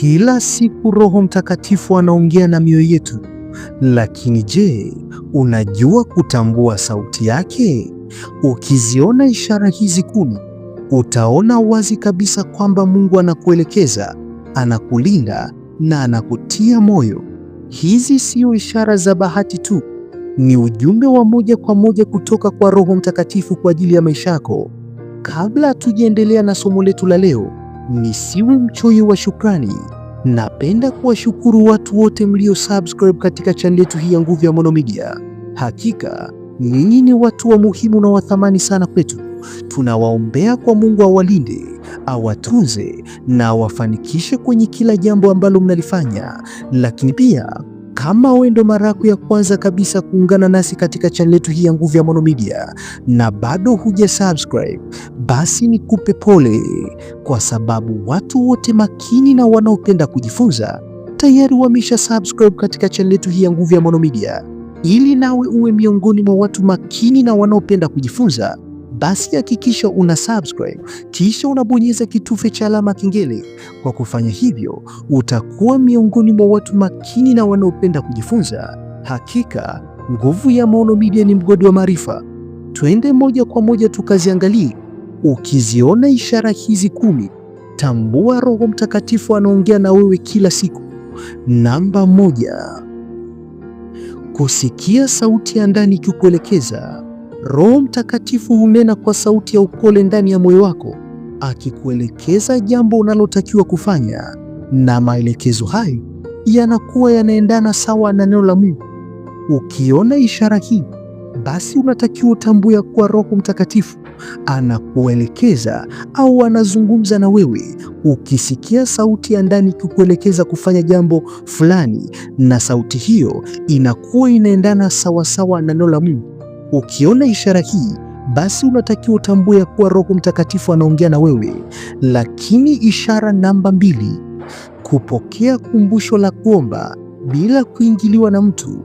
Kila siku Roho Mtakatifu anaongea na mioyo yetu, lakini je, unajua kutambua sauti yake? Ukiziona ishara hizi kumi, utaona wazi kabisa kwamba Mungu anakuelekeza, anakulinda na anakutia moyo. Hizi sio ishara za bahati tu, ni ujumbe wa moja kwa moja kutoka kwa Roho Mtakatifu kwa ajili ya maisha yako. Kabla hatujaendelea na somo letu la leo nisiwe mchoyo wa shukrani. Napenda kuwashukuru watu wote mlio subscribe katika channel yetu hii ya Nguvu ya Maono Media. Hakika nyinyi ni watu wa muhimu na wathamani sana kwetu. Tunawaombea kwa Mungu awalinde, awatunze na awafanikishe kwenye kila jambo ambalo mnalifanya, lakini pia kama wewe ndo mara yako ya kwanza kabisa kuungana nasi katika channel yetu hii ya Nguvu ya Maono Media na bado huja subscribe, basi nikupe pole, kwa sababu watu wote makini na wanaopenda kujifunza tayari wamesha subscribe katika channel yetu hii ya Nguvu ya Maono Media. Ili nawe uwe miongoni mwa watu makini na wanaopenda kujifunza basi hakikisha una subscribe kisha unabonyeza kitufe cha alama kengele. Kwa kufanya hivyo, utakuwa miongoni mwa watu makini na wanaopenda kujifunza. Hakika nguvu ya Maono Media ni mgodi wa maarifa. Twende moja kwa moja tukaziangalie. Ukiziona ishara hizi kumi, tambua Roho Mtakatifu anaongea na wewe kila siku. Namba moja, kusikia sauti ya ndani ikikuelekeza Roho Mtakatifu hunena kwa sauti ya upole ndani ya moyo wako, akikuelekeza jambo unalotakiwa kufanya, na maelekezo hayo yanakuwa yanaendana sawa na neno la Mungu. Ukiona ishara hii, basi unatakiwa utambue kuwa Roho Mtakatifu anakuelekeza au anazungumza na wewe. Ukisikia sauti ya ndani ikikuelekeza kufanya jambo fulani, na sauti hiyo inakuwa inaendana sawasawa na neno la Mungu, Ukiona ishara hii, basi unatakiwa utambue ya kuwa Roho Mtakatifu anaongea na wewe. Lakini ishara namba mbili, kupokea kumbusho la kuomba bila kuingiliwa na mtu.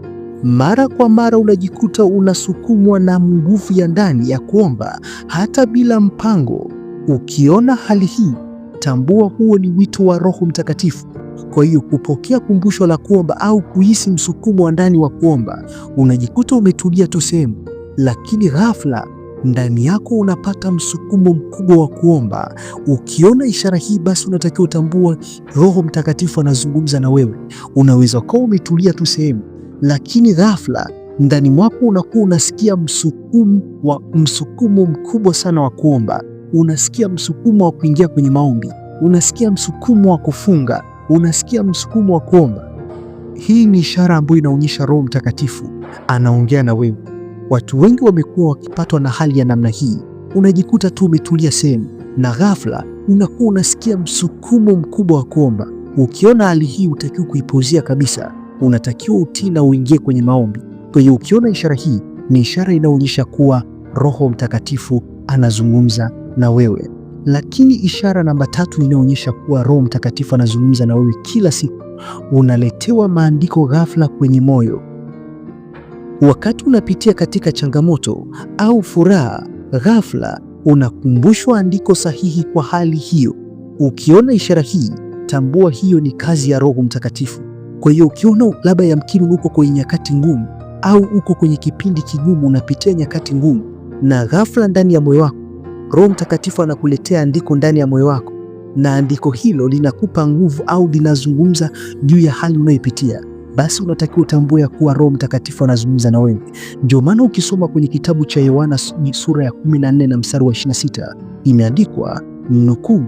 Mara kwa mara unajikuta unasukumwa na nguvu ya ndani ya kuomba hata bila mpango. Ukiona hali hii, tambua huo ni wito wa Roho Mtakatifu. Kwa hiyo kupokea kumbusho la kuomba au kuhisi msukumo wa ndani wa kuomba, unajikuta umetulia tu sehemu lakini ghafla ndani yako unapata msukumo mkubwa wa kuomba. Ukiona ishara hii, basi unatakiwa utambua Roho Mtakatifu anazungumza na wewe. Unaweza kuwa umetulia tu sehemu, lakini ghafla ndani mwako unakuwa unasikia msukumo wa msukumo mkubwa sana wa kuomba. Unasikia msukumo wa kuingia kwenye maombi, unasikia msukumo wa kufunga, unasikia msukumo wa kuomba. Hii ni ishara ambayo inaonyesha Roho Mtakatifu anaongea na wewe. Watu wengi wamekuwa wakipatwa na hali ya namna hii. Unajikuta tu umetulia sehemu na ghafla unakuwa unasikia msukumo mkubwa wa kuomba. Ukiona hali hii, utakiwa kuipozia kabisa, unatakiwa utii na uingie kwenye maombi. Kwa hiyo ukiona ishara hii, ni ishara inayoonyesha kuwa Roho Mtakatifu anazungumza na wewe. Lakini ishara namba tatu inayoonyesha kuwa Roho Mtakatifu anazungumza na wewe kila siku, unaletewa maandiko ghafla kwenye moyo Wakati unapitia katika changamoto au furaha, ghafla unakumbushwa andiko sahihi kwa hali hiyo. Ukiona ishara hii, tambua hiyo ni kazi ya Roho Mtakatifu. Kwa hiyo ukiona labda yamkini uko kwenye nyakati ngumu au uko kwenye kipindi kigumu, unapitia nyakati ngumu, na ghafla ndani ya moyo wako Roho Mtakatifu anakuletea andiko ndani ya moyo wako, na andiko hilo linakupa nguvu au linazungumza juu ya hali unayopitia basi unatakiwa utambue ya kuwa Roho Mtakatifu anazungumza na wewe. Ndio maana ukisoma kwenye kitabu cha Yohana sura ya 14 na mstari wa 26 imeandikwa nukuu,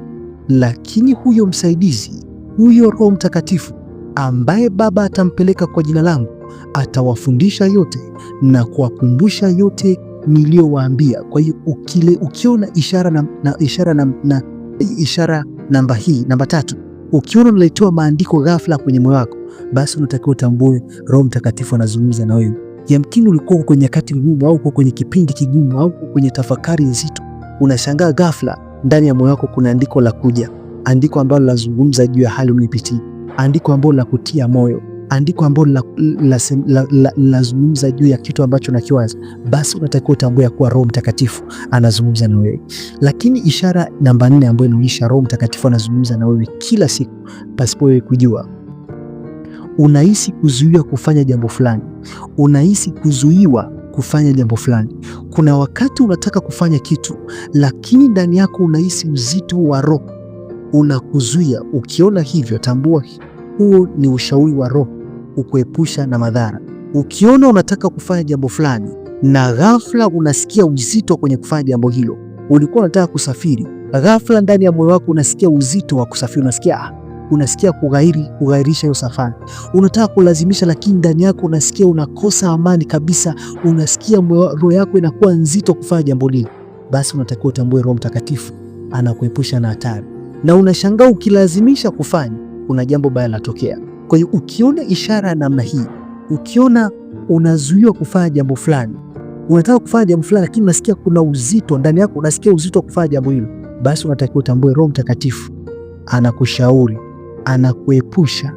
lakini huyo msaidizi, huyo Roho Mtakatifu ambaye Baba atampeleka kwa jina langu, atawafundisha yote na kuwakumbusha yote niliyowaambia. Kwa hiyo ukiona ishara na, na, ishara na, na, ishara namba hii namba tatu Ukiona unaletewa maandiko ghafla kwenye moyo wako, basi unatakiwa utambue Roho Mtakatifu anazungumza na wewe. Yamkini ulikuwa kwenye nyakati ngumu au kwenye kipindi kigumu au kwenye tafakari nzito, unashangaa ghafla ndani ya moyo wako kuna andiko la kuja, andiko ambalo lazungumza juu ya hali unayopitia, andiko ambalo la kutia moyo andiko ambalo linazungumza juu ya kitu ambacho nakiwaza, basi unatakiwa utambue kuwa Roho Mtakatifu anazungumza na wewe. Lakini ishara namba nne ambayo inaonyesha Roho Mtakatifu anazungumza na wewe kila siku pasipo wewe kujua unahisi kuzuiwa kufanya jambo fulani, unahisi kuzuiwa kufanya jambo fulani. Kuna wakati unataka kufanya kitu, lakini ndani yako unahisi uzito wa roho unakuzuia. Ukiona hivyo, tambua huo ni ushauri wa roho kukuepusha na madhara. Ukiona unataka kufanya jambo fulani na ghafla unasikia uzito kwenye kufanya jambo hilo, ulikuwa unataka kusafiri, ghafla ndani ya moyo wako unasikia uzito wa kusafiri, unasikia ah, unasikia kughairi, kughairisha hiyo safari, unataka kulazimisha, lakini ndani yako unasikia unakosa amani kabisa, unasikia roho yako inakuwa nzito kufanya jambo lile, basi unatakiwa utambue Roho Mtakatifu anakuepusha na hatari, na unashangaa ukilazimisha kufanya, kuna jambo baya linatokea. Kwa hiyo ukiona ishara ya namna hii, ukiona unazuiwa kufanya jambo fulani, unataka kufanya jambo fulani lakini unasikia kuna uzito ndani yako, unasikia uzito wa kufanya jambo hilo, basi unatakiwa utambue Roho Mtakatifu anakushauri, anakuepusha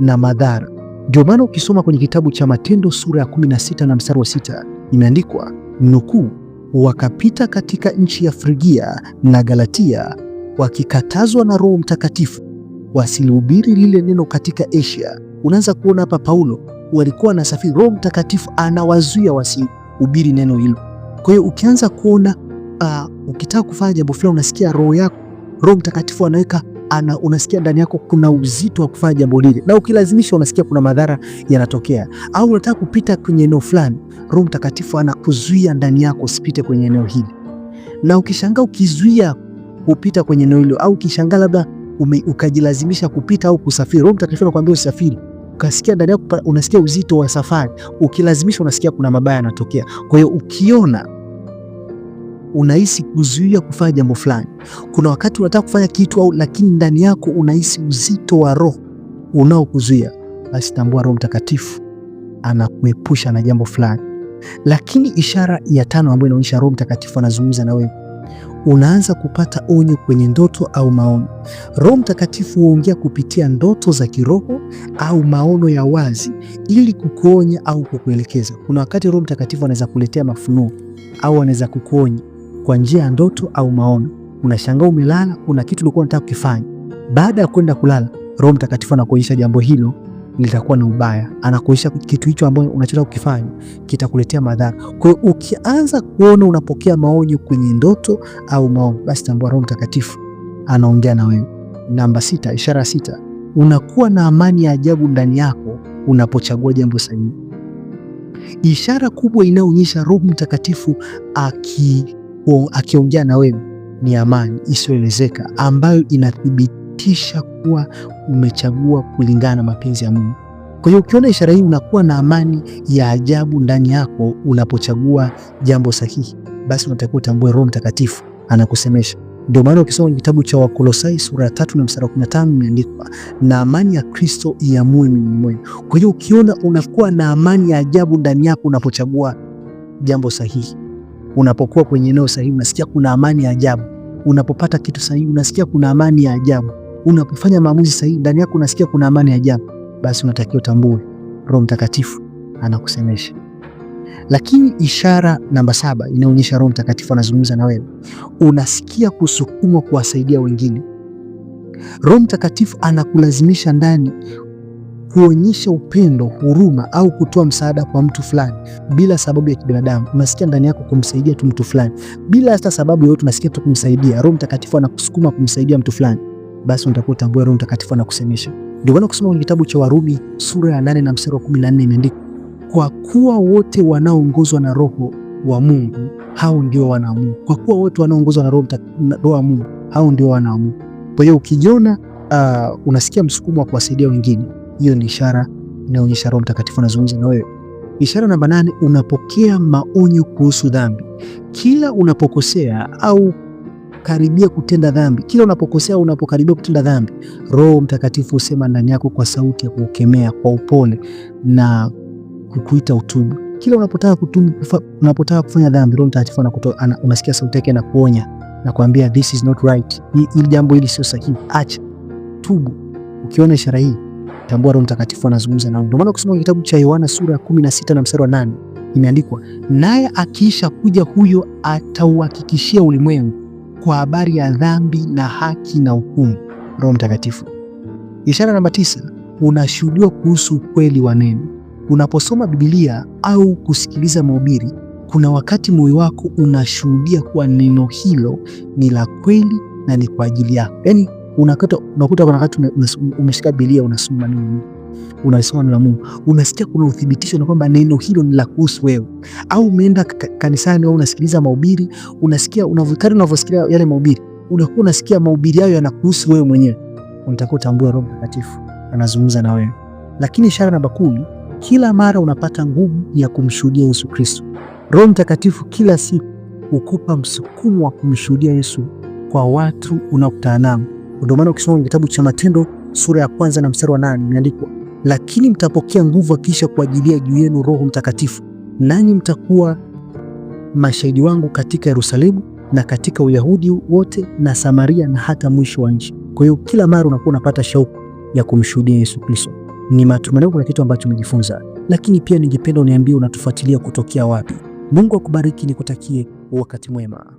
na madhara. Ndio maana ukisoma kwenye kitabu cha Matendo sura ya 16 na mstari wa sita imeandikwa nukuu, wakapita katika nchi ya Frigia na Galatia wakikatazwa na Roho Mtakatifu wasilihubiri lile neno katika Asia. Unaanza kuona hapa Paulo walikuwa wanasafiri, Roho Mtakatifu anawazuia wasihubiri neno hilo. Kwa hiyo ukianza kuona uh, ukitaka kufanya jambo fulani unasikia roho yako, Roho Mtakatifu anaweka ana, unasikia ndani yako kuna uzito wa kufanya jambo lile, na ukilazimisha unasikia kuna madhara yanatokea. Au unataka kupita kwenye eneo fulani, Roho Mtakatifu anakuzuia ndani yako usipite kwenye eneo hili, na ukishangaa ukizuia kupita kwenye eneo hilo, au ukishangaa labda ume, ukajilazimisha kupita au kusafiri. Roho Mtakatifu anakuambia usafiri, ukasikia ndani yako unasikia uzito wa safari, ukilazimisha unasikia kuna mabaya yanatokea. Kwa hiyo ukiona unahisi kuzuia kufanya jambo fulani, kuna wakati unataka kufanya kitu au, lakini ndani yako unahisi uzito wa roho unaokuzuia, basi tambua Roho Mtakatifu anakuepusha na jambo fulani. Lakini ishara ya tano ambayo inaonyesha Roho Mtakatifu anazungumza na wewe unaanza kupata onyo kwenye ndoto au maono. Roho Mtakatifu huongea kupitia ndoto za kiroho au maono ya wazi ili kukuonya au kukuelekeza. Kuna wakati Roho Mtakatifu anaweza kuletea mafunuo au anaweza kukuonya kwa njia ya ndoto au maono. Unashangaa umelala, kuna kitu ulikuwa unataka kukifanya. Baada ya kwenda kulala, Roho Mtakatifu anakuonyesha jambo hilo litakuwa ni ubaya, anakuonyesha kitu hicho ambacho unachotaka kukifanya kitakuletea madhara. Kwa hiyo ukianza kuona unapokea maonyo kwenye ndoto au maombi, basi tambua Roho Mtakatifu anaongea na wewe. Namba sita, ishara sita, unakuwa na amani ya ajabu ndani yako unapochagua jambo sahihi. Ishara kubwa inayoonyesha Roho Mtakatifu akiongea na wewe ni amani isiyoelezeka ambayo inathibitisha kuwa umechagua kulingana na mapenzi ya Mungu. Kwa hiyo ukiona ishara hii unakuwa na amani ya ajabu ndani yako unapochagua jambo sahihi, basi unatakiwa utambue Roho Mtakatifu anakusemesha. Ndio maana ukisoma kitabu cha Wakolosai sura ya tatu na mstari wa 15 imeandikwa, na amani ya Kristo iamue mioyoni mwenu. Kwa hiyo ukiona unakuwa na amani ya ajabu ndani yako unapochagua jambo sahihi, unapokuwa kwenye eneo sahihi unasikia kuna amani ya ajabu, unapopata kitu sahihi unasikia kuna amani ya ajabu unapofanya maamuzi sahihi, ndani yako unasikia kuna amani ya ajabu, basi unatakiwa utambue Roho Mtakatifu anakusemesha. Lakini ishara namba saba inaonyesha Roho Mtakatifu anazungumza na wewe, unasikia kusukumwa kuwasaidia wengine. Roho Mtakatifu anakulazimisha ndani kuonyesha upendo, huruma au kutoa msaada kwa mtu fulani bila sababu ya kibinadamu. Unasikia ndani yako kumsaidia tu mtu fulani bila hata sababu yoyote, unasikia tu kumsaidia. Roho Mtakatifu anakusukuma kumsaidia mtu fulani basi unatakuwa utambue Roho Mtakatifu anakusemesha. Ndio maana kusoma kwenye kitabu cha Warumi sura ya nane na mstari wa 14 imeandikwa, kwa kuwa wote wanaoongozwa na Roho wa Mungu hao ndio wanaamua. Kwa kuwa wote wanaoongozwa na Roho wa Mungu hao ndio wanaamua. Kwa hiyo ukijiona uh, unasikia msukumo wa kuwasaidia wengine, hiyo ni ishara inaonyesha Roho Mtakatifu anazungumza na wewe. Ishara namba nane, unapokea maonyo kuhusu dhambi. Kila unapokosea au unapokaribia kutenda dhambi, kila unapokosea, unapokaribia kutenda dhambi, Roho Mtakatifu usema ndani yako kwa sauti ya kukemea, kwa upole na kukuita utubu. Kila unapotaka kutubu, unapotaka kufanya dhambi, Roho Mtakatifu anakutoa, unasikia sauti yake na kuonya na kuambia this is not right, hili jambo hili sio sahihi, acha, tubu. Ukiona ishara hii, tambua Roho Mtakatifu anazungumza nawe. Ndio maana kusoma kitabu cha Yohana sura ya 16 na mstari wa 8 imeandikwa, naye akiisha kuja huyo atauhakikishia ulimwengu kwa habari ya dhambi na haki na hukumu, Roho Mtakatifu. Ishara namba tisa, unashuhudiwa kuhusu ukweli wa neno. Unaposoma Biblia au kusikiliza mahubiri, kuna wakati moyo wako unashuhudia kuwa neno hilo ni la kweli na ni kwa ajili yako. Yaani unakuta kuna wakati umeshika Biblia unasoma nini unasoma neno la Mungu, unasikia kuna uthibitisho na kwamba neno hilo ni la kuhusu wewe, au umeenda kanisani au unasikiliza mahubiri, unasikia unavyokari, unavyosikia yale mahubiri, unakuwa unasikia mahubiri hayo yanakuhusu wewe mwenyewe, unataka utambue Roho Mtakatifu anazungumza na wewe. Lakini ishara namba kumi, kila mara unapata nguvu ya kumshuhudia Yesu Kristo. Roho Mtakatifu kila siku hukupa msukumo wa kumshuhudia Yesu kwa watu unaokutana nao. Ndio maana ukisoma kitabu cha Matendo sura ya kwanza na mstari wa nane imeandikwa lakini mtapokea nguvu akiisha kuajilia juu yenu Roho Mtakatifu, nanyi mtakuwa mashahidi wangu katika Yerusalemu na katika Uyahudi wote na Samaria na hata mwisho wa nchi. Kwa hiyo kila mara unakuwa unapata shauku ya kumshuhudia Yesu Kristo. Ni matumaini kuna kitu ambacho umejifunza, lakini pia ningependa uniambie unatufuatilia kutokea wapi. Mungu akubariki, nikutakie wakati mwema.